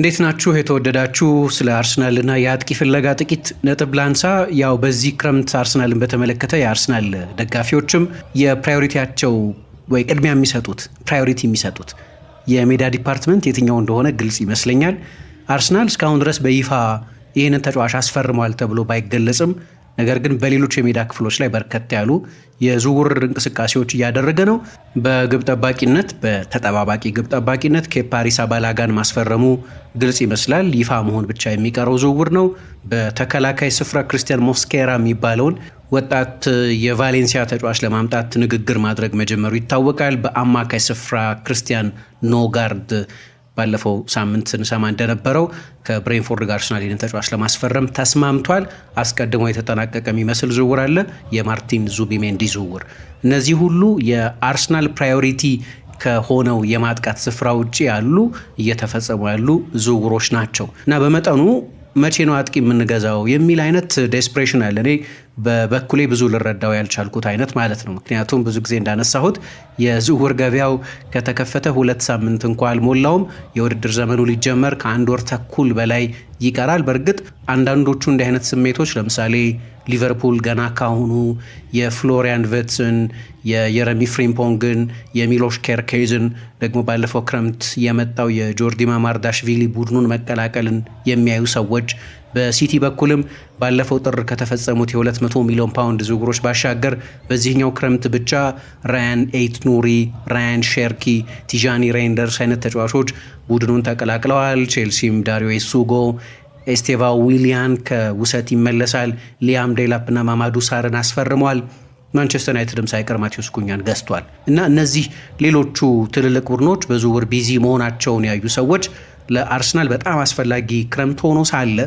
እንዴት ናችሁ የተወደዳችሁ? ስለ አርሰናልና የአጥቂ ፍለጋ ጥቂት ነጥብ ላንሳ። ያው በዚህ ክረምት አርሰናልን በተመለከተ የአርሰናል ደጋፊዎችም የፕራዮሪቲያቸው ወይ ቅድሚያ የሚሰጡት ፕራዮሪቲ የሚሰጡት የሜዳ ዲፓርትመንት የትኛው እንደሆነ ግልጽ ይመስለኛል። አርሰናል እስካሁን ድረስ በይፋ ይህንን ተጫዋች አስፈርሟል ተብሎ ባይገለጽም ነገር ግን በሌሎች የሜዳ ክፍሎች ላይ በርከት ያሉ የዝውውር እንቅስቃሴዎች እያደረገ ነው። በግብ ጠባቂነት በተጠባባቂ ግብ ጠባቂነት ኬፓ አባላጋን ማስፈረሙ ግልጽ ይመስላል። ይፋ መሆን ብቻ የሚቀረው ዝውውር ነው። በተከላካይ ስፍራ ክርስቲያን ሞስኬራ የሚባለውን ወጣት የቫሌንሲያ ተጫዋች ለማምጣት ንግግር ማድረግ መጀመሩ ይታወቃል። በአማካይ ስፍራ ክርስቲያን ኖጋርድ ባለፈው ሳምንት ስንሰማ እንደነበረው ከብሬንፎርድ ጋር አርሰናልን ተጫዋች ለማስፈረም ተስማምቷል። አስቀድሞ የተጠናቀቀ የሚመስል ዝውውር አለ፣ የማርቲን ዙቢሜንዲ ዝውውር። እነዚህ ሁሉ የአርሰናል ፕራዮሪቲ ከሆነው የማጥቃት ስፍራ ውጭ ያሉ እየተፈጸሙ ያሉ ዝውውሮች ናቸው እና በመጠኑ መቼ ነው አጥቂ የምንገዛው የሚል አይነት ዴስፕሬሽን አለ። እኔ በበኩሌ ብዙ ልረዳው ያልቻልኩት አይነት ማለት ነው። ምክንያቱም ብዙ ጊዜ እንዳነሳሁት የዝውውር ገበያው ከተከፈተ ሁለት ሳምንት እንኳ አልሞላውም። የውድድር ዘመኑ ሊጀመር ከአንድ ወር ተኩል በላይ ይቀራል። በእርግጥ አንዳንዶቹ እንዲህ አይነት ስሜቶች ለምሳሌ ሊቨርፑል ገና ካሁኑ የፍሎሪያን ቨትስን የየረሚ ፍሪምፖንግን የሚሎሽ ኬርኬዝን ደግሞ ባለፈው ክረምት የመጣው የጆርዲ ማማርዳሽቪሊ ቡድኑን መቀላቀልን የሚያዩ ሰዎች በሲቲ በኩልም ባለፈው ጥር ከተፈጸሙት የ200 ሚሊዮን ፓውንድ ዝውውሮች ባሻገር በዚህኛው ክረምት ብቻ ራያን ኤት ኑሪ፣ ራያን ሼርኪ፣ ቲጃኒ ሬንደርስ አይነት ተጫዋቾች ቡድኑን ተቀላቅለዋል። ቼልሲም ዳሪዮ ኤሱጎ ኤስቴቫ ዊሊያን ከውሰት ይመለሳል። ሊያም ዴላፕና ማማዱ ሳርን አስፈርመዋል። ማንቸስተር ዩናይትድም ሳይቀር ማቴዎስ ኩኛን ገዝቷል እና እነዚህ ሌሎቹ ትልልቅ ቡድኖች በዝውውር ቢዚ መሆናቸውን ያዩ ሰዎች ለአርሰናል በጣም አስፈላጊ ክረምት ሆኖ ሳለ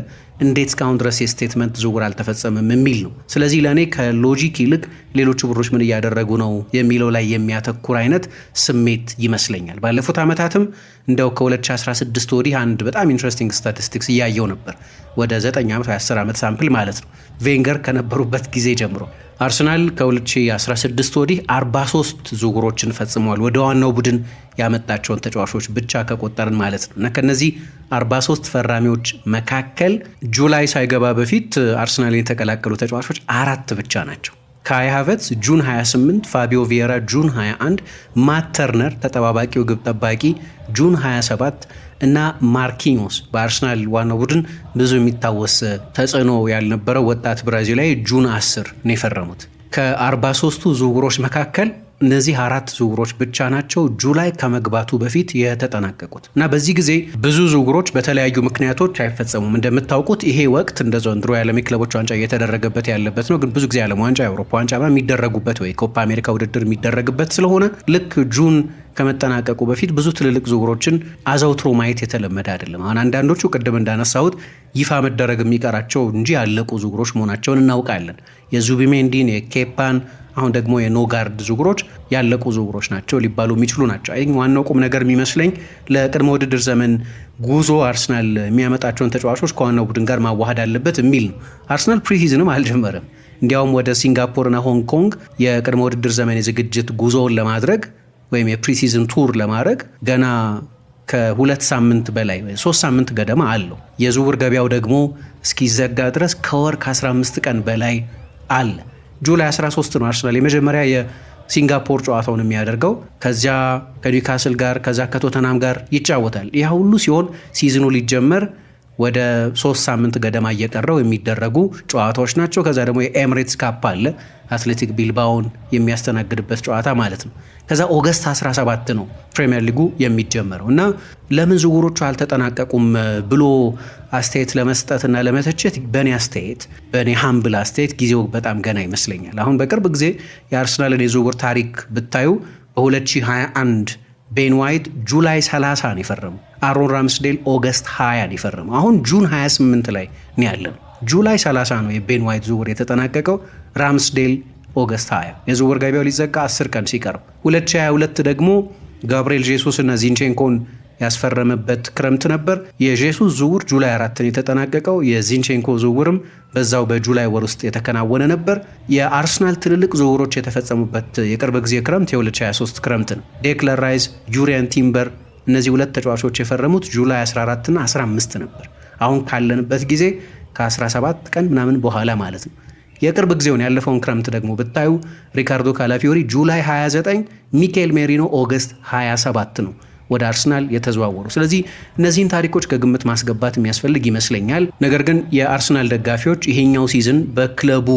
እንዴት እስካሁን ድረስ የስቴትመንት ዝውውር አልተፈጸምም የሚል ነው። ስለዚህ ለእኔ ከሎጂክ ይልቅ ሌሎቹ ብሮች ምን እያደረጉ ነው የሚለው ላይ የሚያተኩር አይነት ስሜት ይመስለኛል። ባለፉት ዓመታትም እንደው ከ2016 ወዲህ አንድ በጣም ኢንትረስቲንግ ስታቲስቲክስ እያየው ነበር። ወደ 9 ዓመት 10 ዓመት ሳምፕል ማለት ነው ቬንገር ከነበሩበት ጊዜ ጀምሮ አርሰናል ከ2016 ወዲህ 43 ዝውውሮችን ፈጽመዋል። ወደ ዋናው ቡድን ያመጣቸውን ተጫዋቾች ብቻ ከቆጠርን ማለት ነው እና ከነዚህ 43 ፈራሚዎች መካከል ጁላይ ሳይገባ በፊት አርሰናልን የተቀላቀሉ ተጫዋቾች አራት ብቻ ናቸው። ካይ ሃቨርትዝ ጁን 28፣ ፋቢዮ ቪየራ ጁን 21፣ ማት ተርነር ተጠባባቂው ግብ ጠባቂ ጁን 27 እና ማርኪኞስ በአርሰናል ዋናው ቡድን ብዙ የሚታወስ ተጽዕኖ ያልነበረው ወጣት ብራዚላዊ ጁን 10 ነው የፈረሙት። ከ43ቱ ዝውውሮች መካከል እነዚህ አራት ዝውውሮች ብቻ ናቸው ጁላይ ከመግባቱ በፊት የተጠናቀቁት እና በዚህ ጊዜ ብዙ ዝውውሮች በተለያዩ ምክንያቶች አይፈጸሙም። እንደምታውቁት ይሄ ወቅት እንደ ዘንድሮ የዓለም የክለቦች ዋንጫ እየተደረገበት ያለበት ነው። ግን ብዙ ጊዜ የዓለም ዋንጫ፣ የአውሮፓ ዋንጫ የሚደረጉበት ወይ ኮፓ አሜሪካ ውድድር የሚደረግበት ስለሆነ ልክ ጁን ከመጠናቀቁ በፊት ብዙ ትልልቅ ዝውውሮችን አዘውትሮ ማየት የተለመደ አይደለም። አሁን አንዳንዶቹ ቅድም እንዳነሳሁት ይፋ መደረግ የሚቀራቸው እንጂ ያለቁ ዝውውሮች መሆናቸውን እናውቃለን። የዙቢሜንዲን የኬፓን አሁን ደግሞ የኖጋርድ ዝውውሮች ያለቁ ዝውውሮች ናቸው ሊባሉ የሚችሉ ናቸው። አይ ዋናው ቁም ነገር የሚመስለኝ ለቅድመ ውድድር ዘመን ጉዞ አርሰናል የሚያመጣቸውን ተጫዋቾች ከዋናው ቡድን ጋር ማዋሃድ አለበት የሚል ነው። አርሰናል ፕሪሲዝንም አልጀመረም። እንዲያውም ወደ ሲንጋፖርና ሆንግ ኮንግ የቅድመ ውድድር ዘመን የዝግጅት ጉዞውን ለማድረግ ወይም የፕሪሲዝን ቱር ለማድረግ ገና ከሁለት ሳምንት በላይ ሶስት ሳምንት ገደማ አለው። የዝውውር ገበያው ደግሞ እስኪዘጋ ድረስ ከወር ከ15 ቀን በላይ አለ። ጁላይ 13 ነው አርሰናል የመጀመሪያ የሲንጋፖር ጨዋታውን የሚያደርገው። ከዚያ ከኒውካስል ጋር ከዚያ ከቶተናም ጋር ይጫወታል። ያ ሁሉ ሲሆን ሲዝኑ ሊጀመር ወደ ሶስት ሳምንት ገደማ እየቀረው የሚደረጉ ጨዋታዎች ናቸው። ከዛ ደግሞ የኤምሬትስ ካፕ አለ አትሌቲክ ቢልባውን የሚያስተናግድበት ጨዋታ ማለት ነው። ከዛ ኦገስት 17 ነው ፕሪምየር ሊጉ የሚጀመረው እና ለምን ዝውውሮቹ አልተጠናቀቁም ብሎ አስተያየት ለመስጠትና ለመተቸት በእኔ አስተያየት በእኔ ሀምብል አስተያየት ጊዜው በጣም ገና ይመስለኛል። አሁን በቅርብ ጊዜ የአርሰናልን የዝውውር ታሪክ ብታዩ በ2021 ቤን ዋይት ጁላይ 30 ነው የፈረሙ። አሮን ራምስዴል ኦገስት 20 ነው የፈረሙ። አሁን ጁን 28 ላይ ነው ያለን። ጁላይ 30 ነው የቤን ዋይት ዝውውር የተጠናቀቀው። ራምስዴል ኦገስት 20። የዝውውር ገቢያው ሊዘጋ 10 ቀን ሲቀርብ 2022 ደግሞ ጋብርኤል ጄሱስ እና ዚንቼንኮን ያስፈረመበት ክረምት ነበር። የጄሱስ ዝውውር ጁላይ አራትን የተጠናቀቀው የዚንቼንኮ ዝውውርም በዛው በጁላይ ወር ውስጥ የተከናወነ ነበር። የአርሰናል ትልልቅ ዝውውሮች የተፈጸሙበት የቅርብ ጊዜ ክረምት የ2023 ክረምት ነው። ዴክለን ራይስ፣ ጁሪያን ቲምበር እነዚህ ሁለት ተጫዋቾች የፈረሙት ጁላይ 14ና 15 ነበር። አሁን ካለንበት ጊዜ ከ17 ቀን ምናምን በኋላ ማለት ነው። የቅርብ ጊዜውን ያለፈውን ክረምት ደግሞ ብታዩ ሪካርዶ ካላፊዮሪ ጁላይ 29፣ ሚኬል ሜሪኖ ኦገስት 27 ነው። ወደ አርሰናል የተዘዋወሩ። ስለዚህ እነዚህን ታሪኮች ከግምት ማስገባት የሚያስፈልግ ይመስለኛል። ነገር ግን የአርሰናል ደጋፊዎች ይሄኛው ሲዝን በክለቡ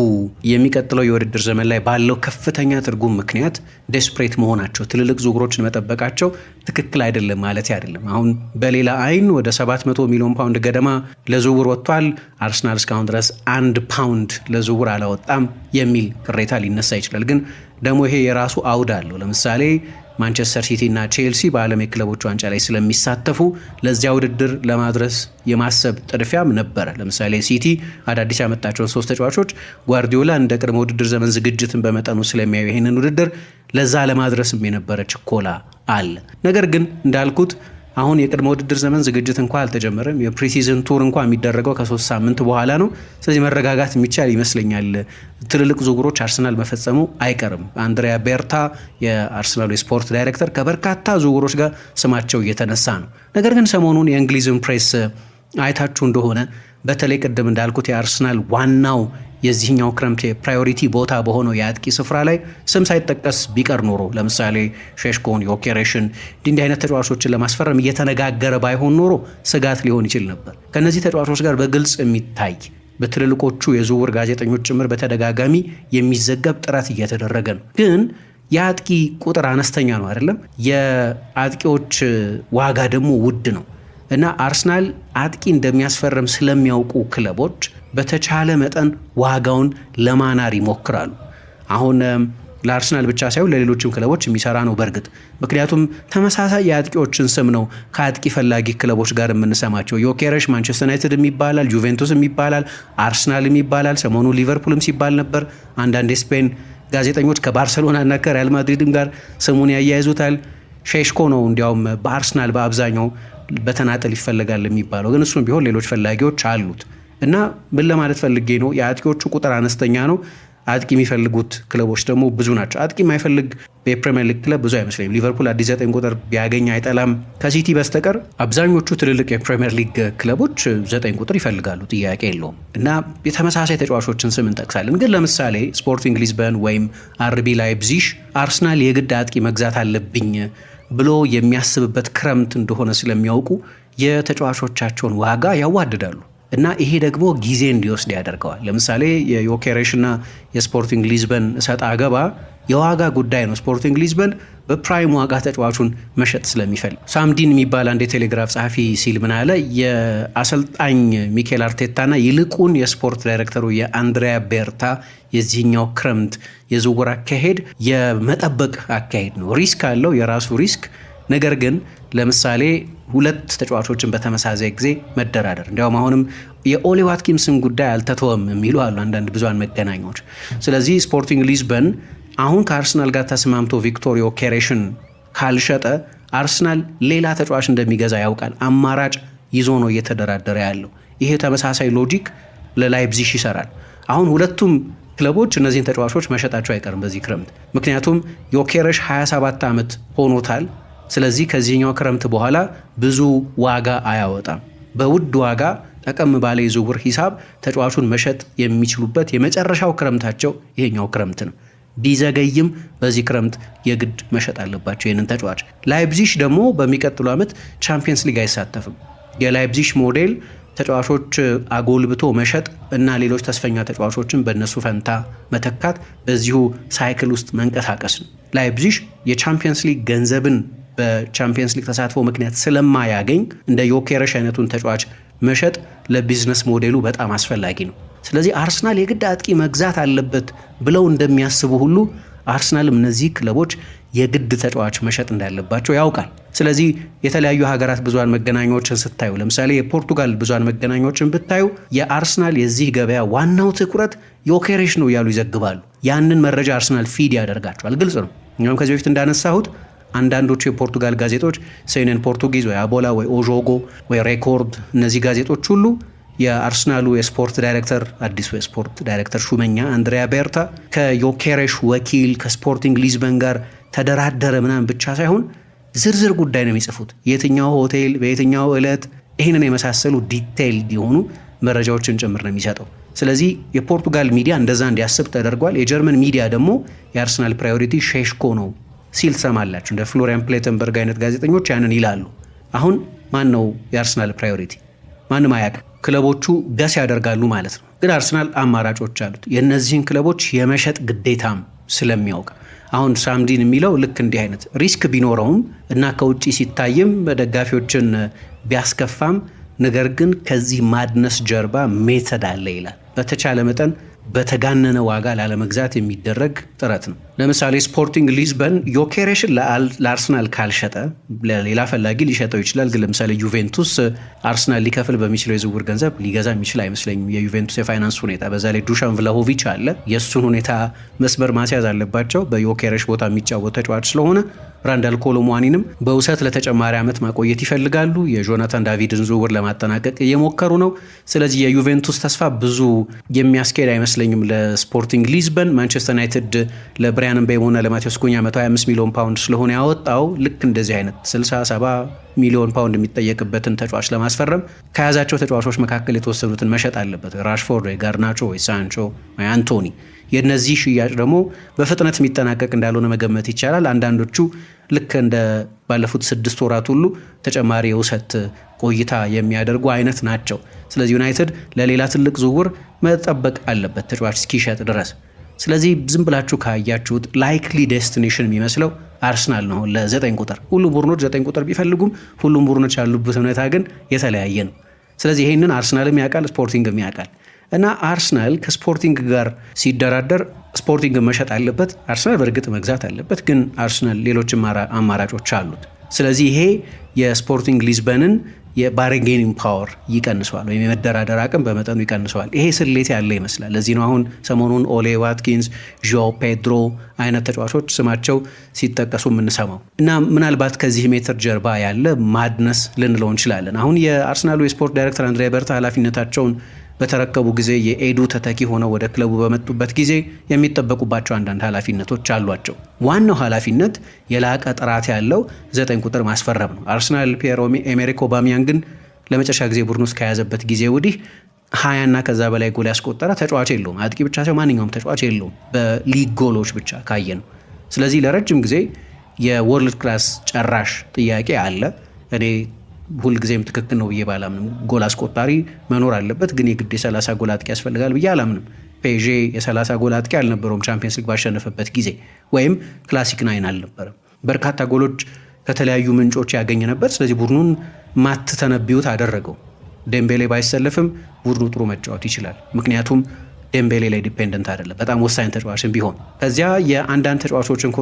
የሚቀጥለው የውድድር ዘመን ላይ ባለው ከፍተኛ ትርጉም ምክንያት ዴስፕሬት መሆናቸው፣ ትልልቅ ዝውውሮችን መጠበቃቸው ትክክል አይደለም ማለት አይደለም። አሁን በሌላ አይን ወደ 700 ሚሊዮን ፓውንድ ገደማ ለዝውውር ወጥቷል፣ አርሰናል እስካሁን ድረስ አንድ ፓውንድ ለዝውውር አላወጣም የሚል ቅሬታ ሊነሳ ይችላል። ግን ደግሞ ይሄ የራሱ አውድ አለው። ለምሳሌ ማንቸስተር ሲቲ እና ቼልሲ በዓለም የክለቦች ዋንጫ ላይ ስለሚሳተፉ ለዚያ ውድድር ለማድረስ የማሰብ ጥድፊያም ነበረ። ለምሳሌ ሲቲ አዳዲስ ያመጣቸውን ሶስት ተጫዋቾች ጓርዲዮላ እንደ ቅድመ ውድድር ዘመን ዝግጅትን በመጠኑ ስለሚያዩ ይህንን ውድድር ለዛ ለማድረስም የነበረ ችኮላ አለ። ነገር ግን እንዳልኩት አሁን የቅድመ ውድድር ዘመን ዝግጅት እንኳ አልተጀመረም። የፕሪሲዝን ቱር እንኳ የሚደረገው ከሶስት ሳምንት በኋላ ነው። ስለዚህ መረጋጋት የሚቻል ይመስለኛል። ትልልቅ ዝውውሮች አርሰናል መፈጸሙ አይቀርም። አንድሪያ ቤርታ የአርሰናሉ የስፖርት ዳይሬክተር ከበርካታ ዝውውሮች ጋር ስማቸው እየተነሳ ነው። ነገር ግን ሰሞኑን የእንግሊዝን ፕሬስ አይታችሁ እንደሆነ በተለይ ቅድም እንዳልኩት የአርሰናል ዋናው የዚህኛው ክረምት የፕራዮሪቲ ቦታ በሆነው የአጥቂ ስፍራ ላይ ስም ሳይጠቀስ ቢቀር ኖሮ ለምሳሌ ሼሽኮን፣ ዮኬሬሽን እንዲህ አይነት ተጫዋቾችን ለማስፈረም እየተነጋገረ ባይሆን ኖሮ ስጋት ሊሆን ይችል ነበር። ከእነዚህ ተጫዋቾች ጋር በግልጽ የሚታይ በትልልቆቹ የዝውውር ጋዜጠኞች ጭምር በተደጋጋሚ የሚዘገብ ጥረት እየተደረገ ነው ግን የአጥቂ ቁጥር አነስተኛ ነው አይደለም። የአጥቂዎች ዋጋ ደግሞ ውድ ነው። እና አርሰናል አጥቂ እንደሚያስፈርም ስለሚያውቁ ክለቦች በተቻለ መጠን ዋጋውን ለማናር ይሞክራሉ። አሁን ለአርሰናል ብቻ ሳይሆን ለሌሎችም ክለቦች የሚሰራ ነው በእርግጥ ምክንያቱም ተመሳሳይ የአጥቂዎችን ስም ነው ከአጥቂ ፈላጊ ክለቦች ጋር የምንሰማቸው። ዮኬረሽ ማንቸስተር ዩናይትድም ይባላል፣ ጁቬንቱስም ይባላል፣ አርሰናልም ይባላል። ሰሞኑ ሊቨርፑልም ሲባል ነበር። አንዳንድ የስፔን ጋዜጠኞች ከባርሰሎናና ከሪያል ማድሪድም ጋር ስሙን ያያይዙታል። ሼሽኮ ነው እንዲያውም በአርሰናል በአብዛኛው በተናጠል ይፈለጋል የሚባለው ግን እሱም ቢሆን ሌሎች ፈላጊዎች አሉት እና ምን ለማለት ፈልጌ ነው የአጥቂዎቹ ቁጥር አነስተኛ ነው። አጥቂ የሚፈልጉት ክለቦች ደግሞ ብዙ ናቸው። አጥቂ የማይፈልግ የፕሪሚየር ሊግ ክለብ ብዙ አይመስለኝም። ሊቨርፑል አዲስ ዘጠኝ ቁጥር ቢያገኝ አይጠላም ከሲቲ በስተቀር። አብዛኞቹ ትልልቅ የፕሪሚየር ሊግ ክለቦች ዘጠኝ ቁጥር ይፈልጋሉ፣ ጥያቄ የለውም እና የተመሳሳይ ተጫዋቾችን ስም እንጠቅሳለን። ግን ለምሳሌ ስፖርቲንግ ሊዝበን ወይም አርቢ ላይፕዚሽ አርስናል የግድ አጥቂ መግዛት አለብኝ ብሎ የሚያስብበት ክረምት እንደሆነ ስለሚያውቁ የተጫዋቾቻቸውን ዋጋ ያዋድዳሉ እና ይሄ ደግሞ ጊዜ እንዲወስድ ያደርገዋል። ለምሳሌ የዮኬሬሽና የስፖርቲንግ ሊዝበን እሰጥ አገባ የዋጋ ጉዳይ ነው። ስፖርቲንግ ሊዝበን በፕራይም ዋጋ ተጫዋቹን መሸጥ ስለሚፈልግ ሳምዲን የሚባል አንድ የቴሌግራፍ ጸሐፊ ሲል ምን አለ? የአሰልጣኝ ሚኬል አርቴታና ይልቁን የስፖርት ዳይሬክተሩ የአንድሪያ ቤርታ የዚህኛው ክረምት የዝውውር አካሄድ የመጠበቅ አካሄድ ነው። ሪስክ አለው፣ የራሱ ሪስክ ነገር ግን ለምሳሌ ሁለት ተጫዋቾችን በተመሳሳይ ጊዜ መደራደር እንዲያውም አሁንም የኦሊ ዋትኪንስን ጉዳይ አልተተወም የሚሉ አሉ አንዳንድ ብዙሃን መገናኛዎች። ስለዚህ ስፖርቲንግ ሊዝበን አሁን ከአርሰናል ጋር ተስማምቶ ቪክቶሪዮ ኬሬሽን ካልሸጠ አርሰናል ሌላ ተጫዋች እንደሚገዛ ያውቃል። አማራጭ ይዞ ነው እየተደራደረ ያለው። ይሄ ተመሳሳይ ሎጂክ ለላይፕዚሽ ይሰራል። አሁን ሁለቱም ክለቦች እነዚህን ተጫዋቾች መሸጣቸው አይቀርም በዚህ ክረምት፣ ምክንያቱም ዮኬረሽ 27 ዓመት ሆኖታል። ስለዚህ ከዚህኛው ክረምት በኋላ ብዙ ዋጋ አያወጣም። በውድ ዋጋ ጠቀም ባለ የዝውውር ሂሳብ ተጫዋቹን መሸጥ የሚችሉበት የመጨረሻው ክረምታቸው ይሄኛው ክረምት ነው። ቢዘገይም በዚህ ክረምት የግድ መሸጥ አለባቸው ይህንን ተጫዋች። ላይፕዚሽ ደግሞ በሚቀጥሉ ዓመት ቻምፒየንስ ሊግ አይሳተፍም። የላይፕዚሽ ሞዴል ተጫዋቾች አጎልብቶ መሸጥ እና ሌሎች ተስፈኛ ተጫዋቾችን በእነሱ ፈንታ መተካት፣ በዚሁ ሳይክል ውስጥ መንቀሳቀስ ነው። ላይፕዚሽ የቻምፒየንስ ሊግ ገንዘብን በቻምፒየንስ ሊግ ተሳትፎ ምክንያት ስለማያገኝ እንደ ዮኬረሽ አይነቱን ተጫዋች መሸጥ ለቢዝነስ ሞዴሉ በጣም አስፈላጊ ነው። ስለዚህ አርሰናል የግድ አጥቂ መግዛት አለበት ብለው እንደሚያስቡ ሁሉ አርሰናልም እነዚህ ክለቦች የግድ ተጫዋች መሸጥ እንዳለባቸው ያውቃል። ስለዚህ የተለያዩ ሀገራት ብዙሃን መገናኛዎችን ስታዩ፣ ለምሳሌ የፖርቱጋል ብዙሃን መገናኛዎችን ብታዩ የአርሰናል የዚህ ገበያ ዋናው ትኩረት ዮኬሬሽ ነው እያሉ ይዘግባሉ። ያንን መረጃ አርሰናል ፊድ ያደርጋቸዋል። ግልጽ ነው። እኛም ከዚህ በፊት እንዳነሳሁት አንዳንዶቹ የፖርቱጋል ጋዜጦች ሴንን ፖርቱጊዝ ወይ አቦላ ወይ ኦዦጎ ወይ ሬኮርድ እነዚህ ጋዜጦች ሁሉ የአርሰናሉ የስፖርት ዳይሬክተር አዲሱ የስፖርት ዳይሬክተር ሹመኛ አንድሪያ ቤርታ ከዮኬሬሽ ወኪል ከስፖርቲንግ ሊዝበን ጋር ተደራደረ ምናምን ብቻ ሳይሆን ዝርዝር ጉዳይ ነው የሚጽፉት። የትኛው ሆቴል በየትኛው ዕለት ይህንን የመሳሰሉ ዲቴይል የሆኑ መረጃዎችን ጭምር ነው የሚሰጠው። ስለዚህ የፖርቱጋል ሚዲያ እንደዛ እንዲያስብ ተደርጓል። የጀርመን ሚዲያ ደግሞ የአርሰናል ፕራዮሪቲ ሼሽኮ ነው ሲል ትሰማላችሁ። እንደ ፍሎሪያን ፕሌተንበርግ አይነት ጋዜጠኞች ያንን ይላሉ። አሁን ማን ነው የአርሰናል ፕራዮሪቲ? ማንም አያውቅም። ክለቦቹ ገስ ያደርጋሉ ማለት ነው። ግን አርሰናል አማራጮች አሉት። የእነዚህን ክለቦች የመሸጥ ግዴታም ስለሚያውቅ አሁን ሳምዲን የሚለው ልክ እንዲህ አይነት ሪስክ ቢኖረውም እና ከውጭ ሲታይም ደጋፊዎችን ቢያስከፋም ነገር ግን ከዚህ ማድነስ ጀርባ ሜተድ አለ ይላል። በተቻለ መጠን በተጋነነ ዋጋ ላለመግዛት የሚደረግ ጥረት ነው። ለምሳሌ ስፖርቲንግ ሊዝበን ዮኬሬሽን ለአርሰናል ካልሸጠ ለሌላ ፈላጊ ሊሸጠው ይችላል። ግን ለምሳሌ ዩቬንቱስ አርሰናል ሊከፍል በሚችለው የዝውውር ገንዘብ ሊገዛ የሚችል አይመስለኝም። የዩቬንቱስ የፋይናንስ ሁኔታ፣ በዛ ላይ ዱሻን ቭላሆቪች አለ። የእሱን ሁኔታ መስመር ማስያዝ አለባቸው። በዮኬሬሽ ቦታ የሚጫወት ተጫዋች ስለሆነ ራንዳል ኮሎሙዋኒንም በውሰት ለተጨማሪ ዓመት ማቆየት ይፈልጋሉ። የጆናታን ዳቪድን ዝውውር ለማጠናቀቅ እየሞከሩ ነው። ስለዚህ የዩቬንቱስ ተስፋ ብዙ የሚያስኬድ አይመስለኝም። አይመስለኝም ለስፖርቲንግ ሊዝበን። ማንቸስተር ዩናይትድ ለብሪያን ምቤሞና ለማቴዎስ ኩኛ 125 ሚሊዮን ፓውንድ ስለሆነ ያወጣው ልክ እንደዚህ አይነት 67 ሚሊዮን ፓውንድ የሚጠየቅበትን ተጫዋች ለማስፈረም ከያዛቸው ተጫዋቾች መካከል የተወሰኑትን መሸጥ አለበት። ራሽፎርድ ወይ ጋርናቾ ወይ ሳንቾ ወይ አንቶኒ። የነዚህ ሽያጭ ደግሞ በፍጥነት የሚጠናቀቅ እንዳልሆነ መገመት ይቻላል። አንዳንዶቹ ልክ እንደ ባለፉት ስድስት ወራት ሁሉ ተጨማሪ የውሰት ቆይታ የሚያደርጉ አይነት ናቸው። ስለዚህ ዩናይትድ ለሌላ ትልቅ ዝውውር መጠበቅ አለበት ተጫዋች እስኪሸጥ ድረስ። ስለዚህ ዝም ብላችሁ ካያችሁት ላይክሊ ዴስቲኔሽን የሚመስለው አርሰናል ነው ለዘጠኝ ቁጥር። ሁሉም ቡድኖች ዘጠኝ ቁጥር ቢፈልጉም ሁሉም ቡድኖች ያሉበት ሁኔታ ግን የተለያየ ነው። ስለዚህ ይህንን አርሰናልም ያውቃል፣ ስፖርቲንግም ያውቃል እና አርሰናል ከስፖርቲንግ ጋር ሲደራደር ስፖርቲንግ መሸጥ አለበት፣ አርሰናል በእርግጥ መግዛት አለበት። ግን አርሰናል ሌሎች አማራጮች አሉት። ስለዚህ ይሄ የስፖርቲንግ ሊዝበንን የባርጌኒንግ ፓወር ይቀንሰዋል ወይም የመደራደር አቅም በመጠኑ ይቀንሰዋል። ይሄ ስሌት ያለ ይመስላል። ለዚህ ነው አሁን ሰሞኑን ኦሌ ዋትኪንስ፣ ዦ ፔድሮ አይነት ተጫዋቾች ስማቸው ሲጠቀሱ የምንሰማው እና ምናልባት ከዚህ ሜትር ጀርባ ያለ ማድነስ ልንለው እንችላለን። አሁን የአርሰናሉ የስፖርት ዳይሬክተር አንድሪያ በርታ ኃላፊነታቸውን በተረከቡ ጊዜ የኤዱ ተተኪ ሆነው ወደ ክለቡ በመጡበት ጊዜ የሚጠበቁባቸው አንዳንድ ኃላፊነቶች አሏቸው። ዋናው ኃላፊነት የላቀ ጥራት ያለው ዘጠኝ ቁጥር ማስፈረም ነው። አርሰናል ፒየር ኤሜሪክ ግን ለመጨረሻ ጊዜ ቡድን ውስጥ ከያዘበት ጊዜ ወዲህ ሀያና ከዛ በላይ ጎል ያስቆጠረ ተጫዋች የለውም። አጥቂ ብቻ ሳይሆን ማንኛውም ተጫዋች የለውም በሊግ ጎሎች ብቻ ካየ ነው። ስለዚህ ለረጅም ጊዜ የወርልድ ክላስ ጨራሽ ጥያቄ አለ እኔ ሁልጊዜም ትክክል ነው ብዬ ባላምንም ጎል አስቆጣሪ መኖር አለበት፣ ግን የግድ የ30 ጎል አጥቂ ያስፈልጋል ብዬ አላምንም። ፔዤ የ30 ጎል አጥቂ አልነበረውም ቻምፒየንስ ሊግ ባሸነፈበት ጊዜ ወይም ክላሲክ ናይን አልነበረም። በርካታ ጎሎች ከተለያዩ ምንጮች ያገኝ ነበር። ስለዚህ ቡድኑን ተነቢዩት አደረገው። ደምቤሌ ባይሰለፍም ቡድኑ ጥሩ መጫወት ይችላል፣ ምክንያቱም ዴምቤሌ ላይ ዲፔንደንት አይደለም፣ በጣም ወሳኝ ተጫዋችን ቢሆን ከዚያ የአንዳንድ ተጫዋቾችን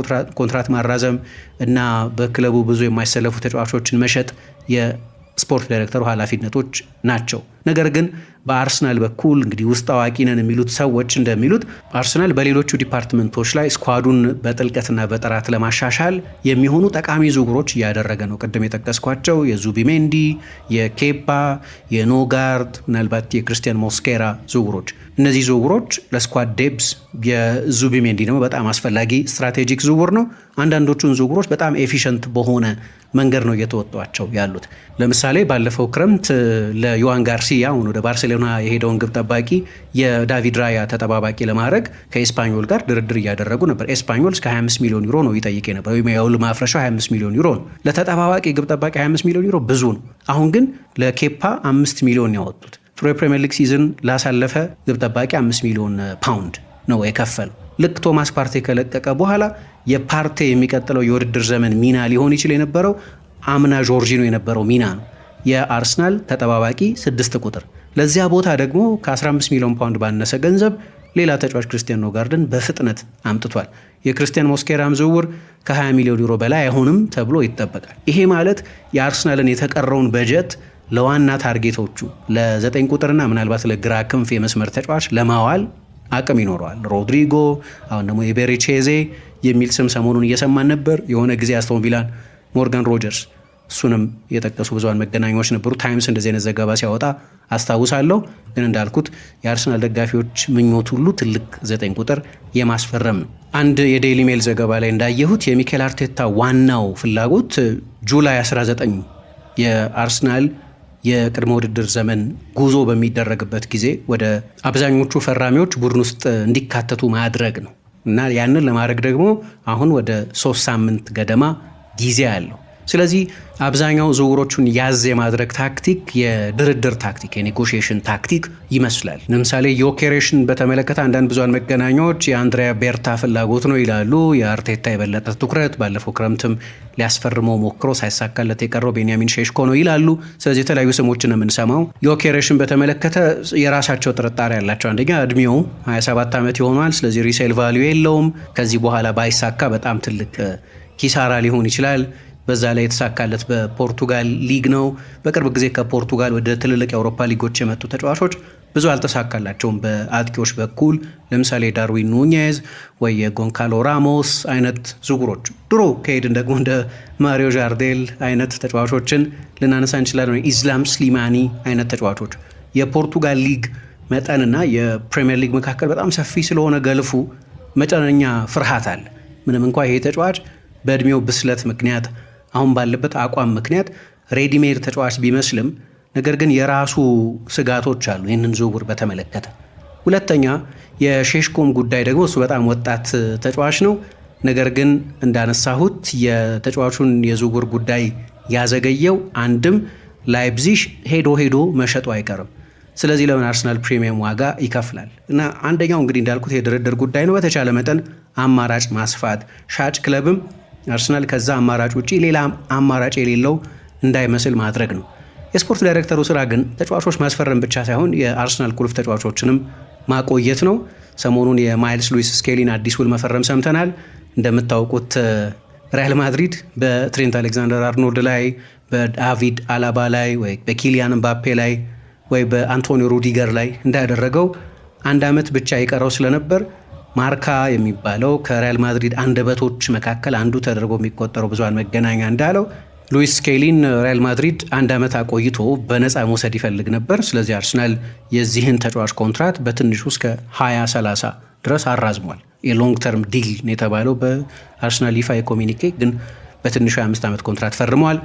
ኮንትራት ማራዘም እና በክለቡ ብዙ የማይሰለፉ ተጫዋቾችን መሸጥ የስፖርት ዳይሬክተሩ ኃላፊነቶች ናቸው። ነገር ግን በአርሰናል በኩል እንግዲህ ውስጥ አዋቂ ነን የሚሉት ሰዎች እንደሚሉት አርሰናል በሌሎቹ ዲፓርትመንቶች ላይ ስኳዱን በጥልቀትና በጥራት ለማሻሻል የሚሆኑ ጠቃሚ ዝውውሮች እያደረገ ነው። ቅድም የጠቀስኳቸው የዙቢሜንዲ፣ የኬፓ፣ የኖጋርድ ምናልባት የክርስቲያን ሞስኬራ ዝውውሮች እነዚህ ዝውውሮች ለስኳድ ዴብስ የዙቢሜንዲ ደግሞ በጣም አስፈላጊ ስትራቴጂክ ዝውውር ነው። አንዳንዶቹን ዝውውሮች በጣም ኤፊሽንት በሆነ መንገድ ነው እየተወጧቸው ያሉት። ለምሳሌ ባለፈው ክረምት ለዮዋን ጋርሲያ አሁን ወደ ባርሴሎና የሄደውን ግብ ጠባቂ የዳቪድ ራያ ተጠባባቂ ለማድረግ ከኤስፓኞል ጋር ድርድር እያደረጉ ነበር። ኤስፓኞል እስከ 25 ሚሊዮን ዩሮ ነው ይጠይቅ ነበር፣ ወይም የውል ማፍረሻ 25 ሚሊዮን ዩሮ ነው። ለተጠባባቂ ግብ ጠባቂ 25 ሚሊዮን ዩሮ ብዙ ነው። አሁን ግን ለኬፓ 5 ሚሊዮን ያወጡት። ጥሩ የፕሪሚየር ሊግ ሲዝን ላሳለፈ ግብ ጠባቂ 5 ሚሊዮን ፓውንድ ነው የከፈለው። ልክ ቶማስ ፓርቴ ከለቀቀ በኋላ የፓርቴ የሚቀጥለው የውድድር ዘመን ሚና ሊሆን ይችል የነበረው አምና ጆርጂኖ የነበረው ሚና ነው። የአርሰናል ተጠባባቂ ስድስት ቁጥር ለዚያ ቦታ ደግሞ ከ15 ሚሊዮን ፓውንድ ባነሰ ገንዘብ ሌላ ተጫዋች ክርስቲያን ኖጋርድን በፍጥነት አምጥቷል። የክርስቲያን ሞስኬራም ዝውውር ከ20 ሚሊዮን ዩሮ በላይ አይሆንም ተብሎ ይጠበቃል። ይሄ ማለት የአርሰናልን የተቀረውን በጀት ለዋና ታርጌቶቹ ለዘጠኝ ቁጥርና ምናልባት ለግራ ክንፍ የመስመር ተጫዋች ለማዋል አቅም ይኖረዋል። ሮድሪጎ አሁን ደግሞ ኤቤሬቼዜ የሚል ስም ሰሞኑን እየሰማን ነበር። የሆነ ጊዜ አስቶን ቪላን ሞርጋን ሮጀርስ እሱንም የጠቀሱ ብዙሃን መገናኛዎች ነበሩ። ታይምስ እንደዚህ አይነት ዘገባ ሲያወጣ አስታውሳለሁ። ግን እንዳልኩት የአርሰናል ደጋፊዎች ምኞት ሁሉ ትልቅ ዘጠኝ ቁጥር የማስፈረም ነው። አንድ የዴይሊ ሜል ዘገባ ላይ እንዳየሁት የሚኬል አርቴታ ዋናው ፍላጎት ጁላይ 19 የአርሰናል የቅድመ ውድድር ዘመን ጉዞ በሚደረግበት ጊዜ ወደ አብዛኞቹ ፈራሚዎች ቡድን ውስጥ እንዲካተቱ ማድረግ ነው እና ያንን ለማድረግ ደግሞ አሁን ወደ ሶስት ሳምንት ገደማ ጊዜ አለው። ስለዚህ አብዛኛው ዝውውሮቹን ያዝ የማድረግ ታክቲክ የድርድር ታክቲክ የኔጎሽሽን ታክቲክ ይመስላል። ለምሳሌ ዮኬሬሽን በተመለከተ አንዳንድ ብዙሃን መገናኛዎች የአንድሪያ ቤርታ ፍላጎት ነው ይላሉ። የአርቴታ የበለጠ ትኩረት ባለፈው ክረምትም ሊያስፈርመው ሞክሮ ሳይሳካለት የቀረው ቤንያሚን ሼሽኮ ነው ይላሉ። ስለዚህ የተለያዩ ስሞችን የምንሰማው ዮኬሬሽን በተመለከተ የራሳቸው ጥርጣሬ ያላቸው አንደኛ እድሜው 27 ዓመት ይሆኗል። ስለዚህ ሪሴል ቫሉ የለውም። ከዚህ በኋላ ባይሳካ በጣም ትልቅ ኪሳራ ሊሆን ይችላል። በዛ ላይ የተሳካለት በፖርቱጋል ሊግ ነው። በቅርብ ጊዜ ከፖርቱጋል ወደ ትልልቅ የአውሮፓ ሊጎች የመጡ ተጫዋቾች ብዙ አልተሳካላቸውም። በአጥቂዎች በኩል ለምሳሌ ዳርዊን ኑኛዝ ወይ የጎንካሎ ራሞስ አይነት ዝውውሮች፣ ድሮ ከሄድን ደግሞ እንደ ማሪዮ ጃርዴል አይነት ተጫዋቾችን ልናነሳ እንችላለን። ኢስላም ስሊማኒ አይነት ተጫዋቾች የፖርቱጋል ሊግ መጠንና የፕሪምየር ሊግ መካከል በጣም ሰፊ ስለሆነ ገልፉ መጠነኛ ፍርሃት አለ። ምንም እንኳ ይሄ ተጫዋች በእድሜው ብስለት ምክንያት አሁን ባለበት አቋም ምክንያት ሬዲሜድ ተጫዋች ቢመስልም ነገር ግን የራሱ ስጋቶች አሉ ይህንን ዝውውር በተመለከተ። ሁለተኛ የሼሽኮም ጉዳይ ደግሞ እሱ በጣም ወጣት ተጫዋች ነው። ነገር ግን እንዳነሳሁት የተጫዋቹን የዝውውር ጉዳይ ያዘገየው አንድም ላይፕዚሽ ሄዶ ሄዶ መሸጡ አይቀርም። ስለዚህ ለምን አርሰናል ፕሪሚየም ዋጋ ይከፍላል? እና አንደኛው እንግዲህ እንዳልኩት የድርድር ጉዳይ ነው። በተቻለ መጠን አማራጭ ማስፋት ሻጭ ክለብም አርሰናል ከዛ አማራጭ ውጪ ሌላ አማራጭ የሌለው እንዳይመስል ማድረግ ነው። የስፖርት ዳይሬክተሩ ስራ ግን ተጫዋቾች ማስፈረም ብቻ ሳይሆን የአርሰናል ቁልፍ ተጫዋቾችንም ማቆየት ነው። ሰሞኑን የማይልስ ሉዊስ ስኬሊን አዲስ ውል መፈረም ሰምተናል። እንደምታውቁት ሪያል ማድሪድ በትሬንት አሌክዛንደር አርኖልድ ላይ፣ በዳቪድ አላባ ላይ ወይ በኪሊያን ምባፔ ላይ ወይ በአንቶኒዮ ሩዲገር ላይ እንዳደረገው አንድ ዓመት ብቻ የቀረው ስለነበር ማርካ የሚባለው ከሪያል ማድሪድ አንደበቶች መካከል አንዱ ተደርጎ የሚቆጠረው ብዙሃን መገናኛ እንዳለው ሉዊስ ስኬሊን ሪያል ማድሪድ አንድ ዓመት አቆይቶ በነፃ መውሰድ ይፈልግ ነበር። ስለዚህ አርሰናል የዚህን ተጫዋች ኮንትራት በትንሹ እስከ 2030 ድረስ አራዝሟል። የሎንግ ተርም ዲል የተባለው በአርሰናል ይፋ የኮሚኒኬ ግን በትንሹ የአምስት ዓመት ኮንትራት ፈርመዋል።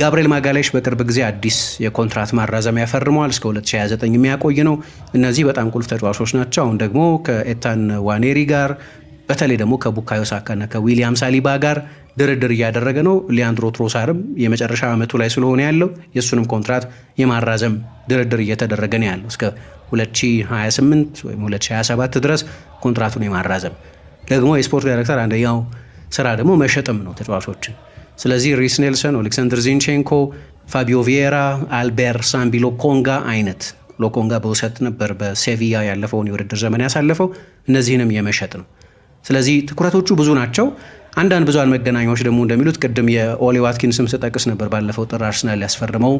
ጋብርኤል ማጋሌሽ በቅርብ ጊዜ አዲስ የኮንትራት ማራዘሚያ ፈርመዋል። እስከ 2029 የሚያቆይ ነው። እነዚህ በጣም ቁልፍ ተጫዋቾች ናቸው። አሁን ደግሞ ከኤታን ዋኔሪ ጋር በተለይ ደግሞ ከቡካዮ ሳካና ከዊሊያም ሳሊባ ጋር ድርድር እያደረገ ነው። ሊያንድሮ ትሮሳርም የመጨረሻ ዓመቱ ላይ ስለሆነ ያለው የእሱንም ኮንትራት የማራዘም ድርድር እየተደረገ ነው ያለው እስከ 2028 ወይም 2027 ድረስ ኮንትራቱን የማራዘም ደግሞ የስፖርት ዳይሬክተር አንደኛው ስራ ደግሞ መሸጥም ነው ተጫዋቾችን ስለዚህ ሪስ ኔልሰን፣ ኦሌክሳንደር ዚንቼንኮ፣ ፋቢዮ ቪየራ አልቤር ሳምቢ ሎኮንጋ አይነት ሎኮንጋ በውሰት ነበር በሴቪያ ያለፈውን የውድድር ዘመን ያሳለፈው እነዚህንም የመሸጥ ነው። ስለዚህ ትኩረቶቹ ብዙ ናቸው። አንዳንድ ብዙሃን መገናኛዎች ደግሞ እንደሚሉት ቅድም የኦሊ ዋትኪንስም ስጠቅስ ነበር ባለፈው ጥር አርሰናል ያስፈርመው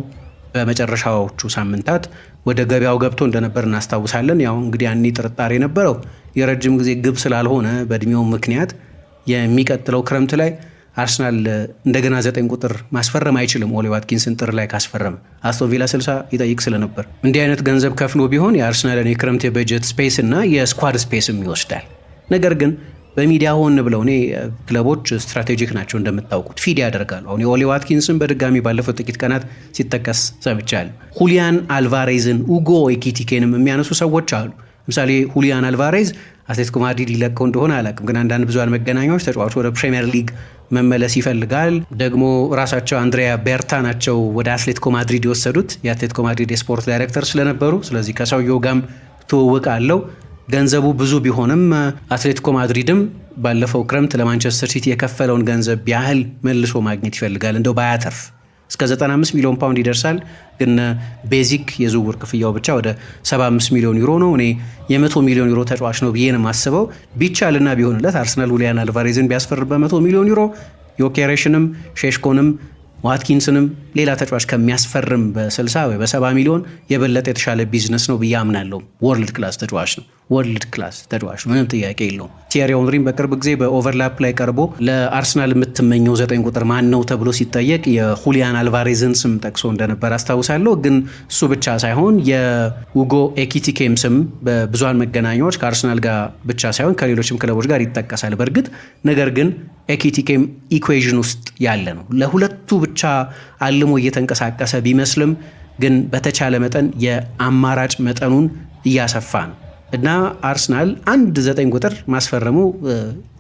በመጨረሻዎቹ ሳምንታት ወደ ገበያው ገብቶ እንደነበር እናስታውሳለን። ያው እንግዲህ ያኔ ጥርጣሬ ነበረው የረጅም ጊዜ ግብ ስላልሆነ በእድሜው ምክንያት የሚቀጥለው ክረምት ላይ አርሰናል እንደገና ዘጠኝ ቁጥር ማስፈረም አይችልም። ኦሊ ዋትኪንስን ጥር ላይ ካስፈረመ አስቶን ቪላ 60 ይጠይቅ ስለነበር እንዲህ አይነት ገንዘብ ከፍሎ ቢሆን የአርሰናልን የክረምት የበጀት ስፔስ እና የስኳድ ስፔስም ይወስዳል። ነገር ግን በሚዲያ ሆን ብለው እኔ ክለቦች ስትራቴጂክ ናቸው እንደምታውቁት ፊድ ያደርጋሉ። አሁን የኦሊ ዋትኪንስን በድጋሚ ባለፈው ጥቂት ቀናት ሲጠቀስ ሰምቻለሁ። ሁሊያን አልቫሬዝን፣ ኡጎ ኤኪቲኬንም የሚያነሱ ሰዎች አሉ። ለምሳሌ ሁሊያን አልቫሬዝ አትሌቲኮ ማድሪድ ይለቀው እንደሆነ አላውቅም፣ ግን አንዳንድ ብዙሃን መገናኛዎች ተጫዋቹ ወደ ፕሪምየር ሊግ መመለስ ይፈልጋል። ደግሞ ራሳቸው አንድሪያ ቤርታ ናቸው ወደ አትሌቲኮ ማድሪድ የወሰዱት የአትሌቲኮ ማድሪድ የስፖርት ዳይሬክተር ስለነበሩ፣ ስለዚህ ከሰውየው ጋም ትውውቅ አለው። ገንዘቡ ብዙ ቢሆንም አትሌቲኮ ማድሪድም ባለፈው ክረምት ለማንቸስተር ሲቲ የከፈለውን ገንዘብ ያህል መልሶ ማግኘት ይፈልጋል እንደው ባያተርፍ እስከ 95 ሚሊዮን ፓውንድ ይደርሳል። ግን ቤዚክ የዝውውር ክፍያው ብቻ ወደ 75 ሚሊዮን ዩሮ ነው። እኔ የ100 ሚሊዮን ዩሮ ተጫዋች ነው ብዬ ነው የማስበው። ቢቻልና ቢሆንለት አርሰናል ሁሊያን አልቫሬዝን ቢያስፈር በ100 ሚሊዮን ዩሮ ዮኬሬሽንም ሼሽኮንም ዋትኪንስንም ሌላ ተጫዋች ከሚያስፈርም በ60 ወይ በ70 ሚሊዮን የበለጠ የተሻለ ቢዝነስ ነው ብዬ አምናለሁ። ወርልድ ክላስ ተጫዋች ነው። ወርልድ ክላስ ተጫዋች ምንም ጥያቄ የለውም። ቲየሪ ኦንሪም በቅርብ ጊዜ በኦቨርላፕ ላይ ቀርቦ ለአርሰናል የምትመኘው ዘጠኝ ቁጥር ማን ነው ተብሎ ሲጠየቅ የሁሊያን አልቫሬዝን ስም ጠቅሶ እንደነበር አስታውሳለሁ። ግን እሱ ብቻ ሳይሆን የውጎ ኤኪቲኬም ስም በብዙሃን መገናኛዎች ከአርሰናል ጋር ብቻ ሳይሆን ከሌሎችም ክለቦች ጋር ይጠቀሳል። በእርግጥ ነገር ግን ኤኪቲኬም ኢኩዌዥን ውስጥ ያለ ነው። ለሁለቱ ብቻ አልሞ እየተንቀሳቀሰ ቢመስልም ግን በተቻለ መጠን የአማራጭ መጠኑን እያሰፋ ነው። እና አርሰናል አንድ ዘጠኝ ቁጥር ማስፈረሙ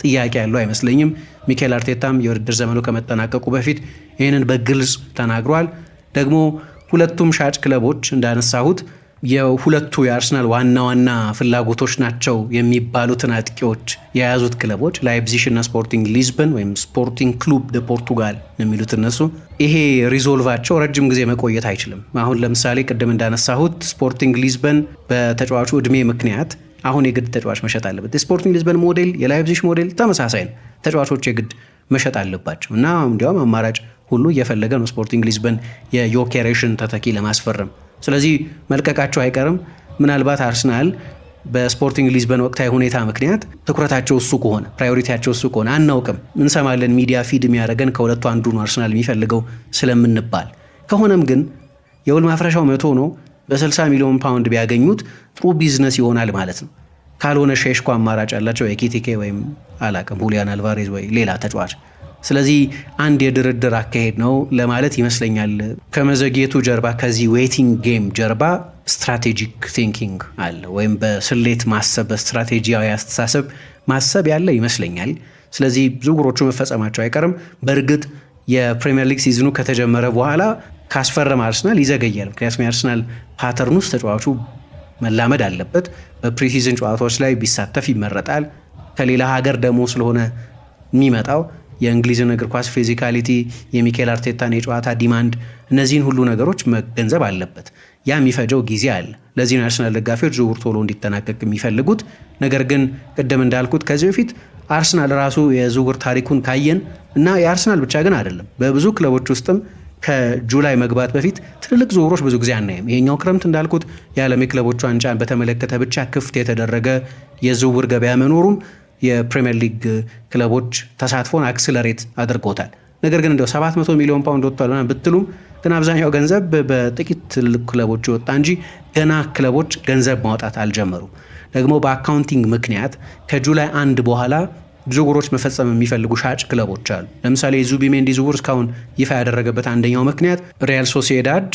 ጥያቄ ያለው አይመስለኝም። ሚካኤል አርቴታም የውድድር ዘመኑ ከመጠናቀቁ በፊት ይህንን በግልጽ ተናግሯል። ደግሞ ሁለቱም ሻጭ ክለቦች እንዳነሳሁት የሁለቱ የአርሰናል ዋና ዋና ፍላጎቶች ናቸው የሚባሉትን አጥቂዎች የያዙት ክለቦች ላይፕዚሽ እና ስፖርቲንግ ሊዝበን ወይም ስፖርቲንግ ክሉብ ደ ፖርቱጋል ነው የሚሉት እነሱ። ይሄ ሪዞልቫቸው ረጅም ጊዜ መቆየት አይችልም። አሁን ለምሳሌ ቅድም እንዳነሳሁት ስፖርቲንግ ሊዝበን በተጫዋቹ እድሜ ምክንያት አሁን የግድ ተጫዋች መሸጥ አለበት። የስፖርቲንግ ሊዝበን ሞዴል፣ የላይፕዚሽ ሞዴል ተመሳሳይ ነው። ተጫዋቾች የግድ መሸጥ አለባቸው እና እንዲያውም አማራጭ ሁሉ እየፈለገ ነው ስፖርቲንግ ሊዝበን የዮኬሬሽን ተተኪ ለማስፈረም ስለዚህ መልቀቃቸው አይቀርም። ምናልባት አርሰናል በስፖርቲንግ ሊዝበን ወቅታዊ ሁኔታ ምክንያት ትኩረታቸው እሱ ከሆነ ፕራዮሪቲያቸው እሱ ከሆነ አናውቅም። እንሰማለን፣ ሚዲያ ፊድ የሚያደርገን ከሁለቱ አንዱ ነው አርሰናል የሚፈልገው ስለምንባል ከሆነም ግን የውል ማፍረሻው መቶ ነው። በ60 ሚሊዮን ፓውንድ ቢያገኙት ጥሩ ቢዝነስ ይሆናል ማለት ነው። ካልሆነ ሼሽኮ አማራጭ አላቸው የኬቲኬ ወይም አላቅም ሁሊያን አልቫሬዝ ወይ ሌላ ተጫዋች ስለዚህ አንድ የድርድር አካሄድ ነው ለማለት ይመስለኛል። ከመዘግየቱ ጀርባ ከዚህ ዌይቲንግ ጌም ጀርባ ስትራቴጂክ ቲንኪንግ አለ ወይም በስሌት ማሰብ በስትራቴጂያዊ አስተሳሰብ ማሰብ ያለ ይመስለኛል። ስለዚህ ዝውውሮቹ መፈጸማቸው አይቀርም። በእርግጥ የፕሪምየር ሊግ ሲዝኑ ከተጀመረ በኋላ ካስፈረመ አርሰናል ይዘገያል። ምክንያቱም የአርሰናል ፓተርን ውስጥ ተጫዋቹ መላመድ አለበት። በፕሪሲዝን ጨዋታዎች ላይ ቢሳተፍ ይመረጣል። ከሌላ ሀገር ደግሞ ስለሆነ የሚመጣው የእንግሊዝን እግር ኳስ ፊዚካሊቲ፣ የሚካኤል አርቴታን የጨዋታ ዲማንድ፣ እነዚህን ሁሉ ነገሮች መገንዘብ አለበት። ያ የሚፈጀው ጊዜ አለ። ለዚህ ነው የአርሰናል ደጋፊዎች ዝውውር ቶሎ እንዲጠናቀቅ የሚፈልጉት። ነገር ግን ቅድም እንዳልኩት ከዚህ በፊት አርሰናል ራሱ የዝውውር ታሪኩን ካየን እና የአርሰናል ብቻ ግን አይደለም በብዙ ክለቦች ውስጥም ከጁላይ መግባት በፊት ትልልቅ ዝውውሮች ብዙ ጊዜ አናይም። ይሄኛው ክረምት እንዳልኩት የዓለም የክለቦች ዋንጫን በተመለከተ ብቻ ክፍት የተደረገ የዝውውር ገበያ መኖሩም የፕሪምየር ሊግ ክለቦች ተሳትፎን አክስለሬት አድርጎታል። ነገር ግን እንደው 700 ሚሊዮን ፓውንድ ወጥቷል ብትሉም ግን አብዛኛው ገንዘብ በጥቂት ትልቅ ክለቦች ወጣ እንጂ ገና ክለቦች ገንዘብ ማውጣት አልጀመሩም። ደግሞ በአካውንቲንግ ምክንያት ከጁላይ አንድ በኋላ ዝውውሮች መፈጸም የሚፈልጉ ሻጭ ክለቦች አሉ። ለምሳሌ የዙቢሜንዲ ዝውውር እስካሁን ይፋ ያደረገበት አንደኛው ምክንያት ሪያል ሶሲዳድ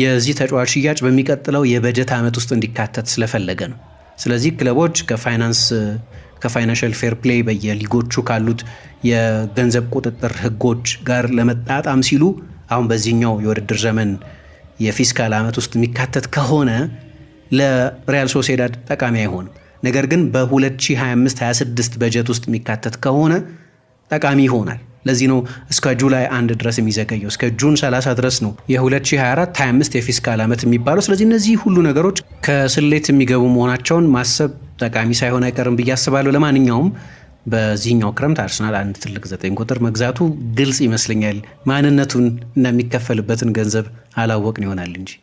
የዚህ ተጫዋች ሽያጭ በሚቀጥለው የበጀት ዓመት ውስጥ እንዲካተት ስለፈለገ ነው። ስለዚህ ክለቦች ከፋይናንስ ከፋይናንሻል ፌር ፕሌይ በየሊጎቹ ካሉት የገንዘብ ቁጥጥር ህጎች ጋር ለመጣጣም ሲሉ አሁን በዚህኛው የውድድር ዘመን የፊስካል ዓመት ውስጥ የሚካተት ከሆነ ለሪያል ሶሴዳድ ጠቃሚ አይሆንም። ነገር ግን በ2025/26 በጀት ውስጥ የሚካተት ከሆነ ጠቃሚ ይሆናል። ለዚህ ነው እስከ ጁላይ አንድ ድረስ የሚዘገየው እስከ ጁን 30 ድረስ ነው የ2024 25 የፊስካል ዓመት የሚባለው። ስለዚህ እነዚህ ሁሉ ነገሮች ከስሌት የሚገቡ መሆናቸውን ማሰብ ጠቃሚ ሳይሆን አይቀርም ብዬ አስባለሁ። ለማንኛውም በዚህኛው ክረምት አርሰናል አንድ ትልቅ ዘጠኝ ቁጥር መግዛቱ ግልጽ ይመስለኛል። ማንነቱን እና የሚከፈልበትን ገንዘብ አላወቅን ይሆናል እንጂ